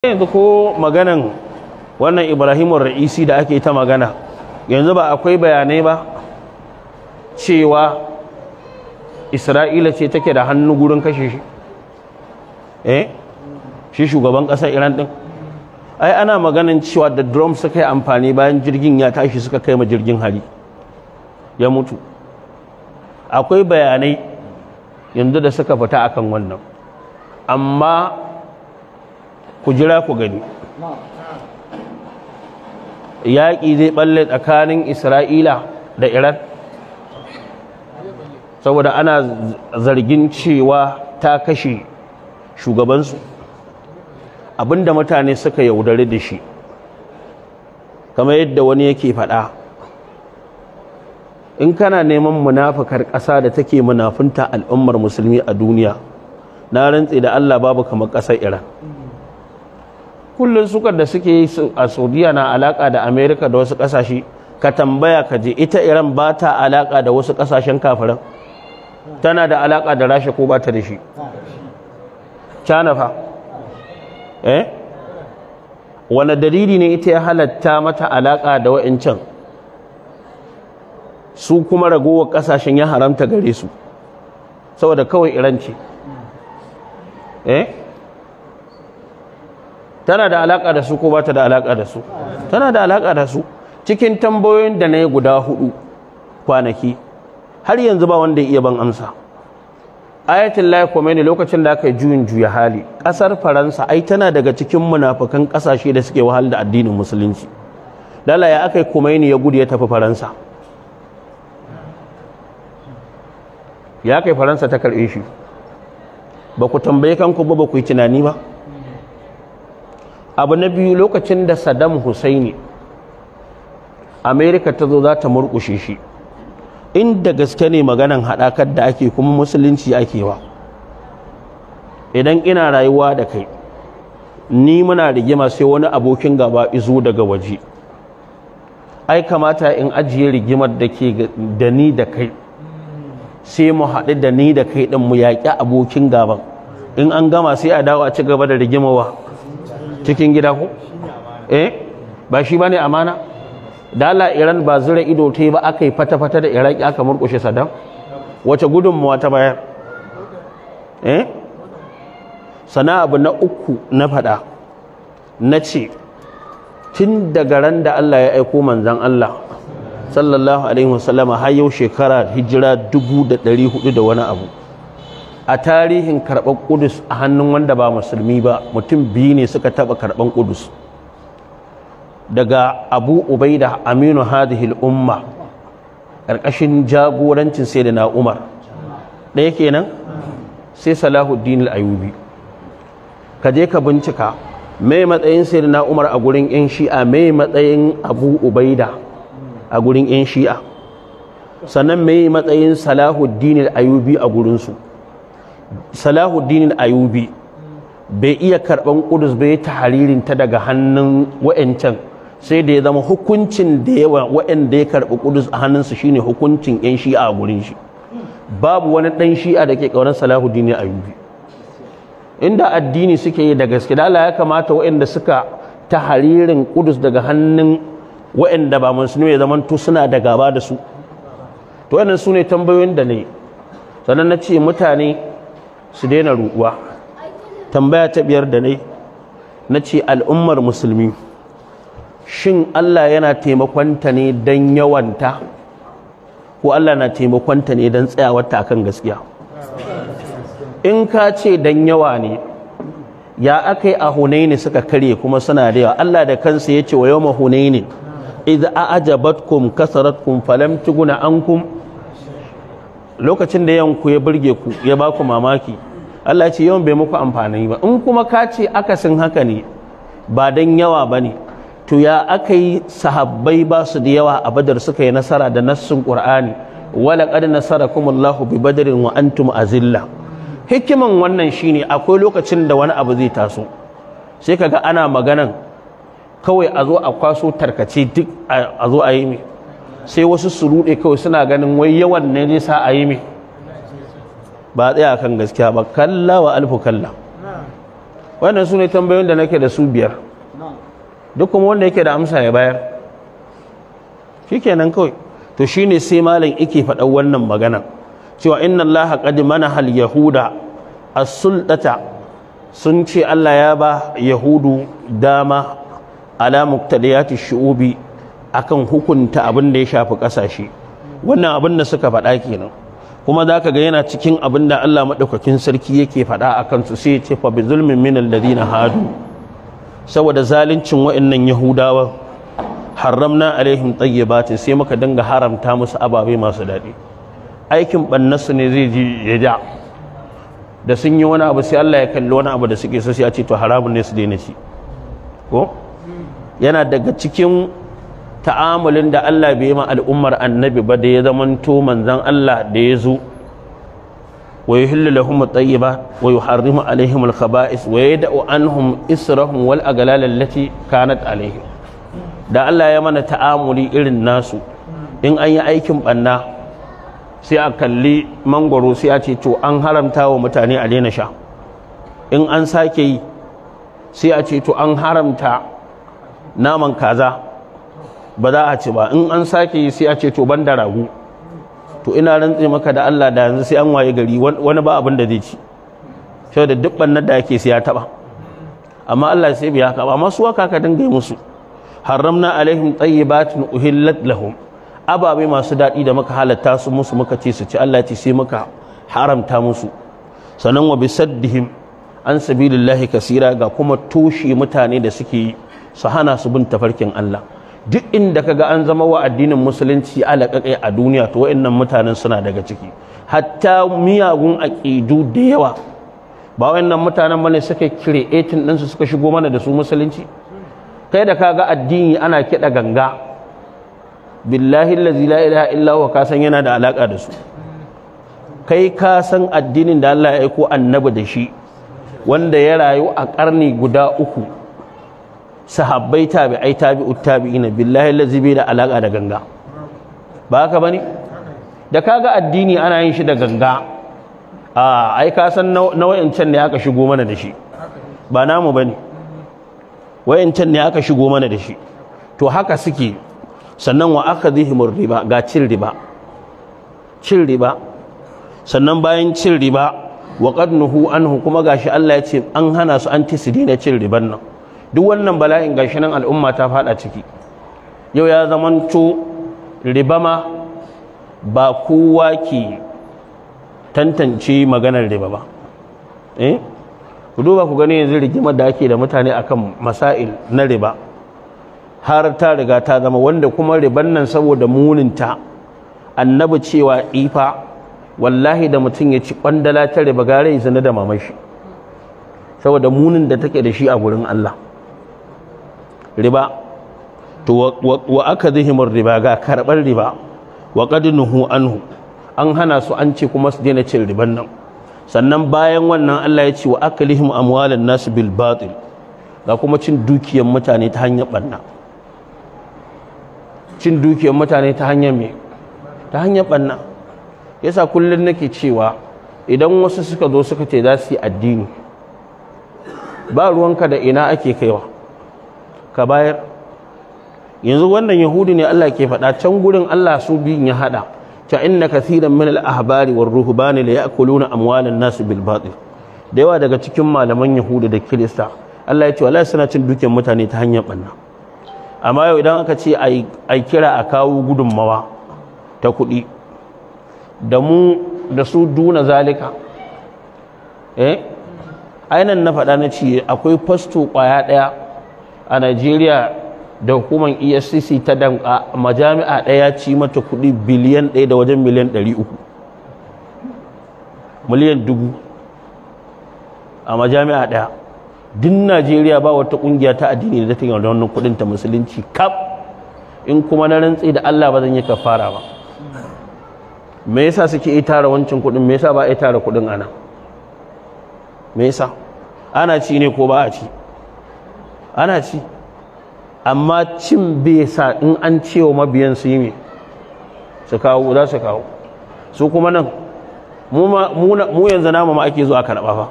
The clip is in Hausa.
yanzu ko maganan wannan ibrahim ra'isi da ake ta magana yanzu ba akwai bayanai ba cewa isra'ila ce take da hannu gurin kashe shi eh shi shugaban ƙasa iran ɗin ai ana maganin cewa da drum suka yi amfani bayan jirgin ya tashi suka kai ma jirgin hari ya mutu akwai bayanai yanzu da suka fita akan wannan amma ku jira ku gani yaƙi zai balle tsakanin isra'ila da iran saboda ana zargin cewa ta kashe shugabansu abinda mutane suka yaudari da shi kamar yadda wani yake faɗa in kana neman munafukar ƙasa da take munafunta al'ummar musulmi a duniya na rantse da allah babu kamar ƙasar iran kullum sukar da suke yi a saudiya na alaka da amerika da wasu kasashe ka tambaya ka je ita iran ba ta alaka da wasu kasashen kafirin tana da alaka da rasha ko ba ta da shi cana eh wani dalili ne ita ya halatta mata alaka da wa'incan su kuma ragowar kasashen ya haramta gare su saboda kawai iran ce eh tana da alaka da su ko bata da alaka da su tana da alaka da su cikin tambayoyin da na yi guda hudu kwanaki har yanzu ba wanda ya iya ban amsa ayatul lahi ne lokacin da aka yi juyin juya hali kasar faransa ai tana daga cikin munafukan kasashe da suke wahal da addinin musulunci ya aka yi komeni ya gudu ya tafi faransa ya kai faransa ta karɓe shi ba ku tambaye kanku ba ba ku yi tunani ba abu na biyu lokacin da saddam husaini amerika ta zo za ta murkushe shi inda gaske ne maganan haɗakar da ake kuma musulunci ake wa idan ina rayuwa da kai ni muna rigima sai wani abokin gaba izo daga waje ai kamata in ajiye rigimar da ke da ni da kai sai mu haɗu da ni da kai ɗin mu yaƙi abokin gaban in an gama sai a dawo ci gaba da rigimawa cikin gida ko eh ba shi bane amana dala iran ba zura ido ta yi ba aka yi fata-fata da iraki aka murkushe saddam wace gudunmuwa ta bayar eh sana abu na uku na fada na ce tun daga ran da allah ya aiko manzan allah sallallahu alaihi wasallama har yau shekara hijira dubu da dari hudu da wani abu a tarihin karɓar ƙudus a hannun wanda ba musulmi ba mutum biyu ne suka taɓa karɓar ƙudus daga abu ubaida aminu hadihil umma ƙarƙashin jagorancin sai da na umar ɗaya kenan sai salahuddin al'ayubi ka je ka bincika mai matsayin sai da na umar a gurin 'yan shi'a mai matsayin abu ubaida a gurin 'yan shi'a sannan mai matsayin salahuddin al'ayubi a gurinsu salahuddin ayubi bai iya karban kudus bai ta haririn ta daga hannun wa'ancan sai da ya zama hukuncin da yawa wa'anda ya karbi kudus a hannunsu shine hukuncin yan shi'a a gurin shi babu wani ɗan shi'a da ke kaunar salahuddin ayubi inda addini suke yi da gaske da Allah ya kamata wa'anda suka ta haririn kudus daga hannun wa'anda ba musulmi ya zaman to suna da gaba da su to wannan su tambayoyin da ne sannan na ce mutane su daina ruwa. tambaya ta biyar da ne na ce al'ummar musulmi shin Allah yana taimakonta ne don yawanta ko Allah na taimakonta ne don tsayawarta akan gaskiya in ka ce don yawa ne ya aka yi a hunaini suka karye kuma suna da yawa Allah da kansa ya ce wa yau mahunaini idza a'jabatkum kasaratkum falam tuguna ankum lokacin da yanku ya burge ku ya ba ku mamaki Allah ya ce yawan bai muku amfani ba in kuma ka ce akasin haka ne ba don yawa ba ne to ya aka yi sahabbai ba su da yawa a badar suka yi nasara da nassin nasara nasara nasarakumullahu bi badarin wa antum azilla hikiman wannan shine akwai lokacin da wani abu zai taso sai kaga ana maganan kawai a zo a kwaso tarkace duk a zo a yi mai sai wasu su rude kawai suna ganin wai yawan ne zai a yi mai ba tsaya kan gaskiya ba kalla wa alfu kalla wannan su ne tambayoyin da nake da su biyar duk kuma wanda yake da amsa ya bayar shikenan kawai to shine sai malam ike faɗa wannan magana cewa inna allaha qad manaha yahuda as-sultata sun ce Allah ya ba yahudu dama ala muqtadiyati shu'ubi akan hukunta abin da ya shafi kasashe wannan abin da suka faɗa kenan kuma za ka ga yana cikin abin da Allah maɗaukakin sarki yake faɗa a kansu sai ya ce fa bi zulmin min alladhina hadu saboda zaluncin wa'annan yahudawa haramna alaihim tayyibatin sai muka dinga haramta musu ababe masu daɗi aikin bannasu ne zai ji ya ja da sun yi wani abu sai Allah ya kalli wani abu da suke so sai a ce to haramun ne su daina shi ko yana daga cikin ta'amulin da Allah bai ma al'ummar annabi ba da ya zamanto manzon Allah da ya zo wa yuhillu lahum at-tayyibat wa yuharrimu alaihim al-khaba'is wa yad'u anhum israhum wal aghlal allati kanat alaihim da Allah ya mana ta'amuli irin nasu in an yi aikin banna sai a kalli mangwaro sai a ce to an haramta wa mutane a daina sha in an sake yi sai a ce to an haramta naman kaza ba za a ci ba in an sake yi sai a ce to ban da ragu to ina rantse maka da Allah da yanzu sai an waye gari wani ba abin da zai ci sai da duk bannan da yake sai ya taba amma Allah sai biya ka amma su waka ka dinga musu haramna alaihim tayyibatin uhillat lahum ababe masu dadi da muka halatta su musu muka ce su ci Allah ce sai muka haramta musu sanan wa bisaddihim an sabilillahi kasira ga kuma toshe mutane da suke yi su hana su bin tafarkin Allah duk inda kaga an zama wa addinin musulunci alaƙaƙai a duniya to wa'annan mutanen suna daga ciki hatta miyagun aƙidu da yawa ba wa'annan mutanen bane suka creating ɗinsu suka shigo mana da su musulunci kai da kaga addini ana kiɗa ganga billahi allazi la ilaha illa huwa ka san yana da alaƙa da su kai kasan addinin da Allah ya aiko annabi da shi wanda ya rayu a ƙarni guda uku sahabbai tabi'ai tabi'ut tabi'ina billahi allazi bai da alaka da ganga ba haka bane da kaga addini ana yin shi da ganga a ai ka san can ne aka shigo mana da shi ba namu bane wayancan ne aka shigo mana da shi to haka suke sannan wa akadhihimur riba ga cin riba cin riba sannan bayan cin riba wa qadnuhu anhu kuma gashi Allah ya ce an hana su an tisidina cin riban nan duk wannan bala'in gashi nan al'umma ta fada ciki yau ya zamanto ribama ba kowa ke tantance maganar riba ba eh ku duba ku gani yanzu rigimar da ake da mutane akan masail na riba har ta riga ta zama wanda kuma riban nan saboda muninta annabi cewa ifa wallahi da mutum ya ci kwandala ta riba gare zina da mamashi saboda munin da take da shi a gurin Allah riba to wa aka zihimar riba ga karɓar riba wa ƙadinuhu anhu an hana su an ce kuma su daina cin riban nan sannan bayan wannan Allah ya ce wa akalihim amwalan nas bil batil ga kuma cin dukiyar mutane ta hanyar banna cin dukiyar mutane ta hanyar me ta hanyar banna yasa kullun nake cewa idan wasu suka zo suka ce za su yi addini ba ruwanka da ina ake kaiwa ka bayar yanzu wannan yahudi ne Allah ke faɗa can gurin Allah su biyun ya haɗa ta inna kathiran min al-ahbari war ruhbani la ya'kuluna amwalan nas nasu batil da yawa daga cikin malaman yahudi da kirista Allah ya ce wallahi suna cin dukiyar mutane ta hanyar banna amma yau idan aka ce ai kira a kawo gudunmawa ta kuɗi da mu da su duna zalika eh ainihin na faɗa na ce akwai fasto kwaya ɗaya a najeriya da hukumar ESCC ta danka majami'a ɗaya ci mata kuɗi biliyan ɗaya da wajen miliyan ɗari uku miliyan dubu a majami'a ɗaya din najeriya ba wata ƙungiya ta addini da ta yi wannan kuɗin ta musulunci kaf in kuma na rantsi da allah ba zan yi ka fara ba me yasa suke yi tara wancan kuɗin me yasa ba a tara kuɗin ana me yasa ana ci ne ko ba a ci ana ci amma cin bai sa in an cewa mabiyan su yi me su kawo za su kawo su kuma nan mu yanzu nama ma ake zuwa karɓa fa